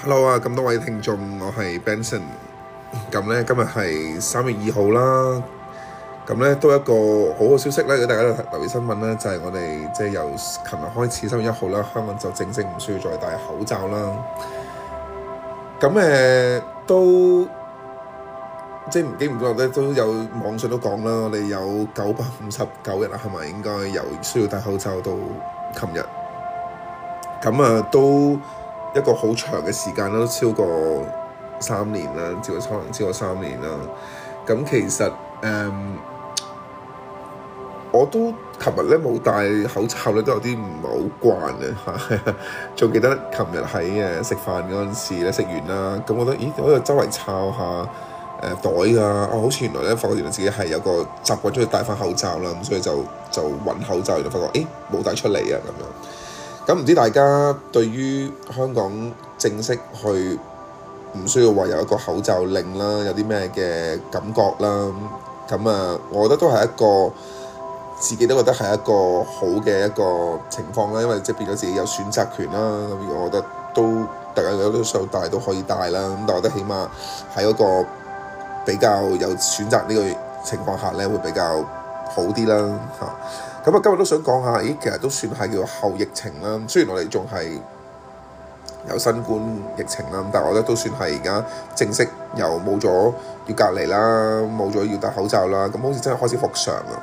Hello 啊，咁多位聽眾，我係 Benson。咁呢，今日係三月二號啦。咁呢，都有一個好好消息呢，要大家留意新聞呢，就係、是、我哋即係由琴日開始三月一號啦，香港就正正唔需要再戴口罩啦。咁誒，都。即係唔知唔覺咧，都有網上都講啦。我哋有九百五十九日啦，係咪應該由需要戴口罩到琴日咁啊？都一個好長嘅時間啦，都超過三年啦，超過可能超過三年啦。咁其實誒、嗯，我都琴日咧冇戴口罩咧，都有啲唔係好慣嘅嚇。仲 記得琴日喺誒食飯嗰陣時咧，食完啦，咁我覺得咦，我喺度周圍抄下。袋㗎，啊，好似原來咧，發覺原來自己係有個習慣出去戴翻口罩啦，咁所以就就揾口罩，原來發覺誒冇、欸、帶出嚟啊咁樣。咁唔知大家對於香港正式去唔需要話有一個口罩令啦，有啲咩嘅感覺啦？咁啊，我覺得都係一個自己都覺得係一個好嘅一個情況啦，因為即係變咗自己有選擇權啦。咁我覺得都大家有啲想戴都可以戴啦。咁但我覺得起碼喺嗰個比較有選擇呢個情況下咧，會比較好啲啦嚇。咁、嗯、啊，今日都想講下，咦，其實都算係叫後疫情啦。雖然我哋仲係有新冠疫情啦，但係我覺得都算係而家正式又冇咗要隔離啦，冇咗要戴口罩啦。咁好似真係開始復常啊！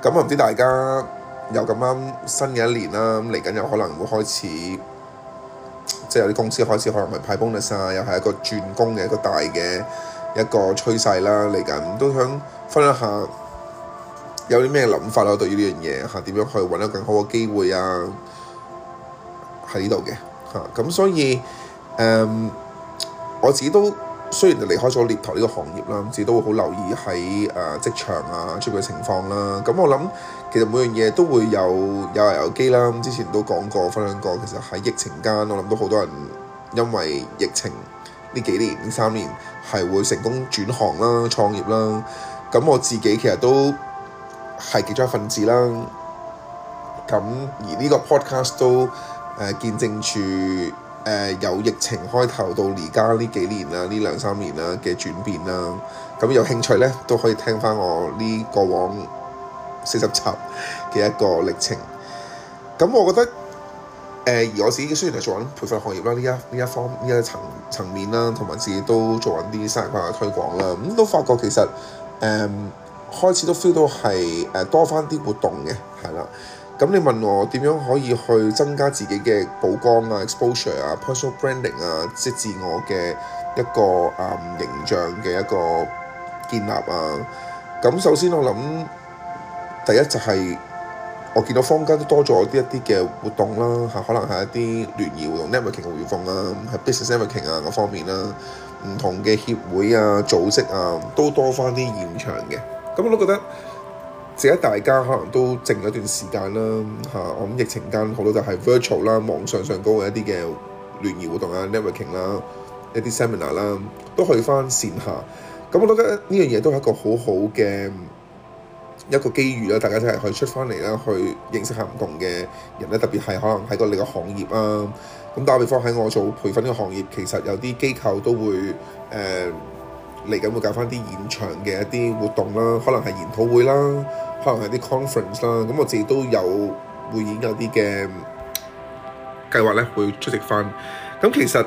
咁、嗯、啊，唔知大家有咁啱新嘅一年啦，咁嚟緊有可能會開始即係有啲公司開始可能係派 bonus 啊，又係一個轉工嘅一個大嘅一個趨勢啦，嚟緊都想分享下有啲咩諗法咯，對於呢樣嘢嚇，點樣去揾到更好嘅機會啊，喺呢度嘅嚇，咁，所以誒、嗯、我自己都雖然就離開咗獵頭呢個行業啦，咁己都會好留意，咁自己都會好留意喺誒、呃、職場啊出邊嘅情況啦。咁、啊、我諗其實每樣嘢都會有有鴨有雞有人有機啦。咁之前都講過分享過，其實喺疫情間，我諗都好多人因為疫情。呢幾年呢三年係會成功轉行啦、創業啦，咁我自己其實都係其中一份子啦。咁而呢個 podcast 都誒、呃、見證住誒、呃、由疫情開頭到而家呢幾年啦、呢兩三年啦嘅轉變啦。咁有興趣咧都可以聽返我呢過往四十集嘅一個歷程。咁我覺得。誒而我自己雖然係做緊培訓行業啦，呢一呢一方呢一層層面啦，同埋自己都做緊啲商業化嘅推廣啦，咁都發覺其實誒、嗯、開始都 feel 到係誒多返啲活動嘅，係啦。咁你問我點樣可以去增加自己嘅曝光啊、exposure 啊、personal branding 啊，即自我嘅一個啊、嗯、形象嘅一個建立啊。咁首先我諗第一就係、是。我見到坊間都多咗一啲一啲嘅活動啦，嚇，可能係一啲聯誼活動、networking 嘅活動啦，喺 business networking 啊嗰方面啦，唔同嘅協會啊、組織啊都多翻啲現場嘅。咁我都覺得，而家大家可能都靜咗段時間啦，我諗疫情間好多就係 virtual 啦，網上上高嘅一啲嘅聯誼活動啊、networking 啦，一啲 seminar 啦，都去翻線下。咁我都覺得呢樣嘢都係一個好好嘅。一個機遇啦，大家真係可以出翻嚟啦，去認識下唔同嘅人咧，特別係可能喺個你個行業啊。咁打比方喺我做培訓呢個行業，其實有啲機構都會誒嚟緊會搞翻啲現場嘅一啲活動啦，可能係研討會啦，可能係啲 conference 啦。咁我自己都有會演有啲嘅計劃咧，會出席翻。咁其實。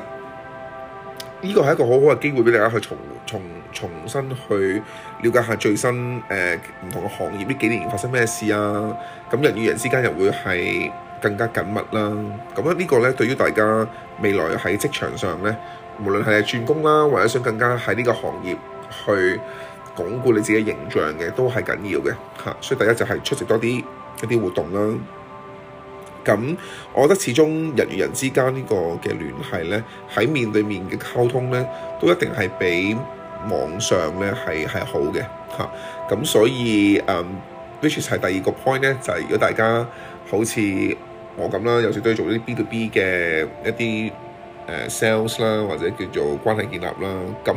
呢個係一個好好嘅機會俾大家去重重重新去了解下最新誒、呃、唔同嘅行業呢幾年發生咩事啊！咁人與人之間又會係更加緊密啦。咁樣呢個咧對於大家未來喺職場上咧，無論係轉工啦，或者想更加喺呢個行業去鞏固你自己形象嘅，都係緊要嘅嚇、啊。所以第一就係出席多啲一啲活動啦。咁，我覺得始終人與人之間呢個嘅聯繫呢，喺面對面嘅溝通呢，都一定係比網上呢係係好嘅嚇。咁所以誒、um，which is 係第二個 point 呢，就係如果大家好似我咁啦，有時都要做啲 B to B 嘅一啲誒 sales 啦，或者叫做關係建立啦，咁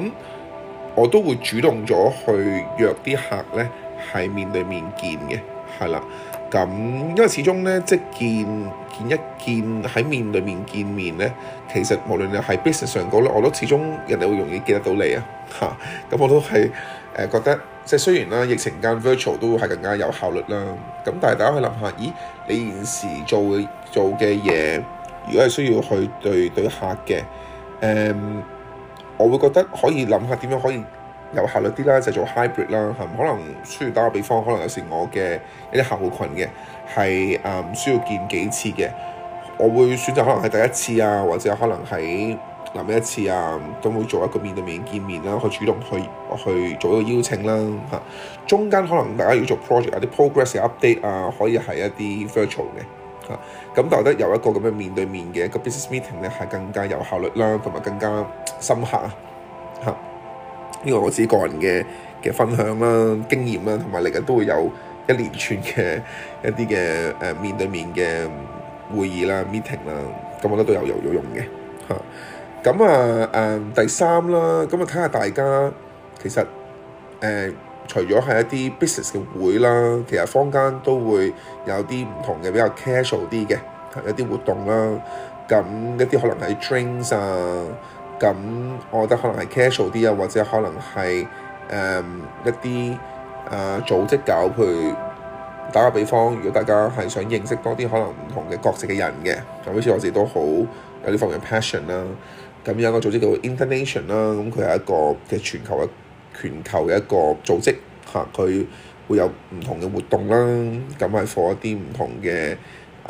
我都會主動咗去約啲客呢，係面對面見嘅，係啦。咁，因為始終咧，即係見見一見喺面對面見面咧，其實無論你係 business 上講咧，我都始終人哋會容易記得到你啊，嚇！咁我都係誒覺得，即係雖然啦，疫情間 virtual 都係更加有效率啦。咁但係大家去諗下，咦？你現時做做嘅嘢，如果係需要去對對客嘅，誒、嗯，我會覺得可以諗下點樣可以。有效率啲啦，就是、做 hybrid 啦，嚇，可能需要打個比方，可能有時我嘅一啲客戶群嘅係唔需要見幾次嘅，我會選擇可能係第一次啊，或者可能喺臨尾一次啊，都會做一個面對面見面啦，去主動去去做一個邀請啦，嚇，中間可能大家要做 project 啊，啲 progress 嘅 update 啊，可以係一啲 virtual 嘅，嚇，咁但係得有一個咁嘅面對面嘅一個 business meeting 咧，係更加有效率啦，同埋更加深刻啊，嚇。呢個我自己個人嘅嘅分享啦、經驗啦，同埋嚟日都會有一連串嘅一啲嘅誒面對面嘅會議啦、meeting 啦，咁我覺得都有有有用嘅嚇。咁啊誒、啊、第三啦，咁啊睇下大家其實誒、啊、除咗係一啲 business 嘅會啦，其實坊間都會有啲唔同嘅比較 casual 啲嘅一啲活動啦，咁、啊、一啲可能係 drinks 啊。咁我覺得可能係 casual 啲啊，或者可能係誒、呃、一啲誒、呃、組織搞，譬如打個比方，如果大家係想認識多啲可能唔同嘅角色嘅人嘅，咁好似我自己都好有呢方面嘅 passion 啦。咁有一個組織叫做 Internation 啦，咁佢係一個嘅全球嘅全球嘅一個組織嚇，佢會有唔同嘅活動啦，咁係 for 一啲唔同嘅，誒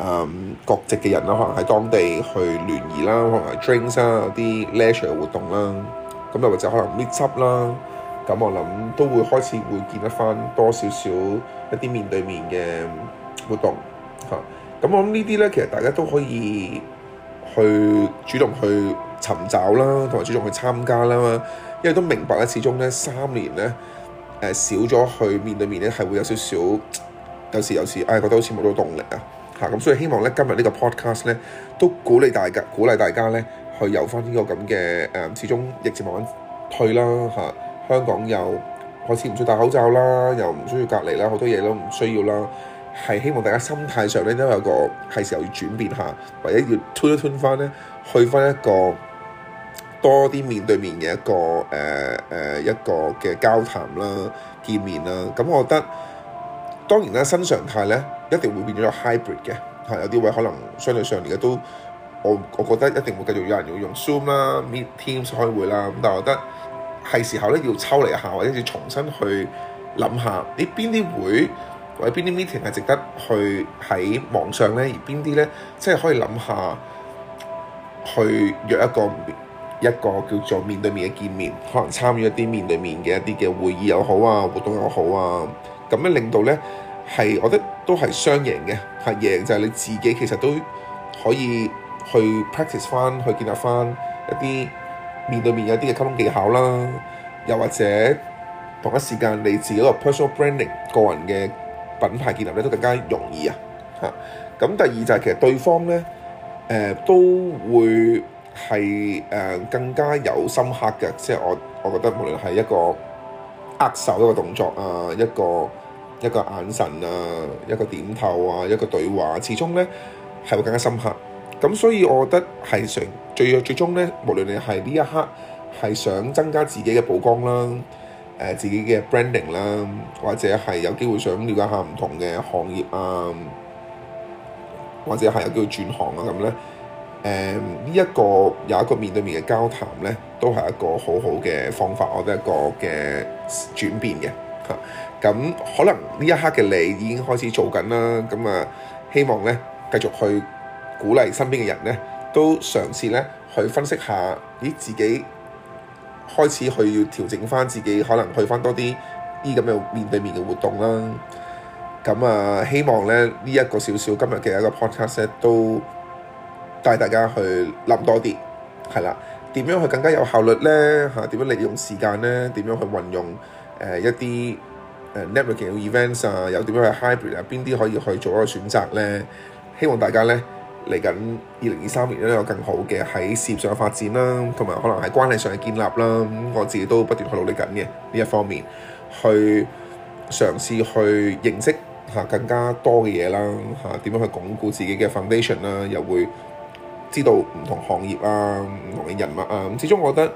國、嗯、籍嘅人啦，可能喺當地去聯誼啦，可能 drinks 啦，有啲 leisure 活動啦，咁又或者可能 meet up 啦，咁我諗都會開始會見得翻多少少一啲面對面嘅活動嚇。咁我諗呢啲咧，其實大家都可以去主動去尋找啦，同埋主動去參加啦嘛。因為都明白咧，始終咧三年咧，誒、呃、少咗去面對面咧，係會有少少有時有時，唉、哎，覺得好似冇咗動力啊～咁、啊、所以希望咧，今日呢個 podcast 咧，都鼓勵大家，鼓勵大家咧，去有翻呢個咁嘅誒，始終疫情慢慢退啦，嚇、啊、香港又開始唔需要戴口罩啦，又唔需要隔離啦，好多嘢都唔需要啦，係希望大家心態上咧都有個係時候要轉變下，或者要推一推翻咧，去翻一個多啲面對面嘅一個誒誒、呃呃、一個嘅交談啦、見面啦，咁、啊、我覺得。當然啦，新常態咧一定會變咗 hybrid 嘅嚇，有啲位可能相對上而家都，我我覺得一定會繼續有人用 Zoom 啦、Meet、Teams 開會啦，咁但係我覺得係時候咧要抽離一下，或者要重新去諗下，你邊啲會或者邊啲 meeting 係值得去喺網上咧，而邊啲咧即係可以諗下去約一個一個叫做面對面嘅見面，可能參與一啲面對面嘅一啲嘅會議又好啊，活動又好啊。咁樣令到咧係，我覺得都係雙贏嘅，係贏就係、是、你自己其實都可以去 practice 翻，去建立翻一啲面對面有啲嘅溝通技巧啦，又或者同一時間你自己個 personal branding 個人嘅品牌建立咧都更加容易啊嚇。咁、嗯、第二就係其實對方咧誒、呃、都會係誒、呃、更加有深刻嘅，即係我我覺得無論係一個握手一個動作啊、呃、一個。一個眼神啊，一個點頭啊，一個對話，始終呢係會更加深刻。咁所以，我覺得係最，最最最終呢，無論你係呢一刻係想增加自己嘅曝光啦，呃、自己嘅 branding 啦，或者係有機會想了解下唔同嘅行業啊，或者係有機會轉行啊咁咧，呢、呃、呢一個有一個面對面嘅交談呢，都係一個好好嘅方法，我得一個嘅轉變嘅。咁、嗯、可能呢一刻嘅你已經開始做緊啦，咁、嗯、啊希望呢繼續去鼓勵身邊嘅人呢，都嘗試呢去分析下，咦自己開始去要調整翻自己，可能去翻多啲啲咁嘅面對面嘅活動啦。咁、嗯、啊希望咧呢、這個、小小一個少少今日嘅一個 podcast 都帶大家去諗多啲，係啦，點樣去更加有效率呢？嚇、啊，點樣利用時間呢？點樣去運用？誒、呃、一啲誒 networking events 啊，又點樣去 hybrid 啊，邊啲可以去做一個選擇咧？希望大家咧嚟緊二零二三年咧有更好嘅喺事業上嘅發展啦，同、啊、埋可能喺關係上嘅建立啦。咁、啊、我自己都不斷去努力緊嘅呢一方面，去嘗試去認識嚇更加多嘅嘢啦，嚇、啊、點樣去鞏固自己嘅 foundation 啦、啊，又會知道唔同行業啊、唔同嘅人物啊。咁始終我覺得。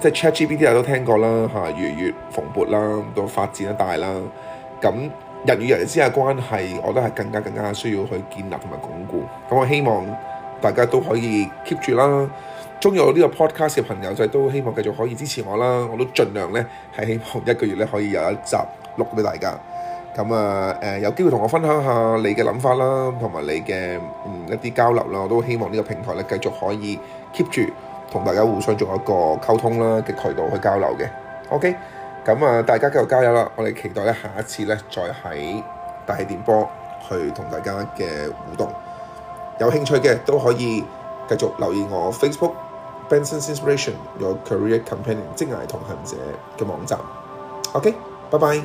即係 ChatGPT 啊，都聽過啦嚇，越嚟越蓬勃啦，都發展得大啦。咁人與人之間嘅關係，我都係更加更加需要去建立同埋鞏固。咁我希望大家都可以 keep 住啦。中意我呢個 podcast 嘅朋友就都希望繼續可以支持我啦。我都盡量咧係希望一個月咧可以有一集錄俾大家。咁啊誒，有機會同我分享下你嘅諗法啦，同埋你嘅、嗯、一啲交流啦，我都希望呢個平台咧繼續可以 keep 住。同大家互相做一個溝通啦嘅渠道去交流嘅。OK，咁啊大家繼續加油啦，我哋期待咧下一次咧再喺大氣電波去同大家嘅互動。有興趣嘅都可以繼續留意我 Facebook Benson Inspiration Your Career Companion 職涯同行者嘅網站。OK，拜拜。